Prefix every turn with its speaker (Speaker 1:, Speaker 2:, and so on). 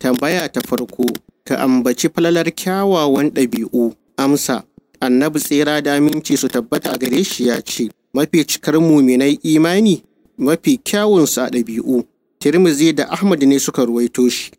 Speaker 1: Tambaya ta farko, ka ambaci falalar kyawawan ɗabi'u, amsa, annabi tsira da aminci su tabbata a gare shi ya ce, mafi cikar muminai imani, mafi kyawunsu a ɗabi'u, Tirmizi da Ahmad ne suka ruwaito shi.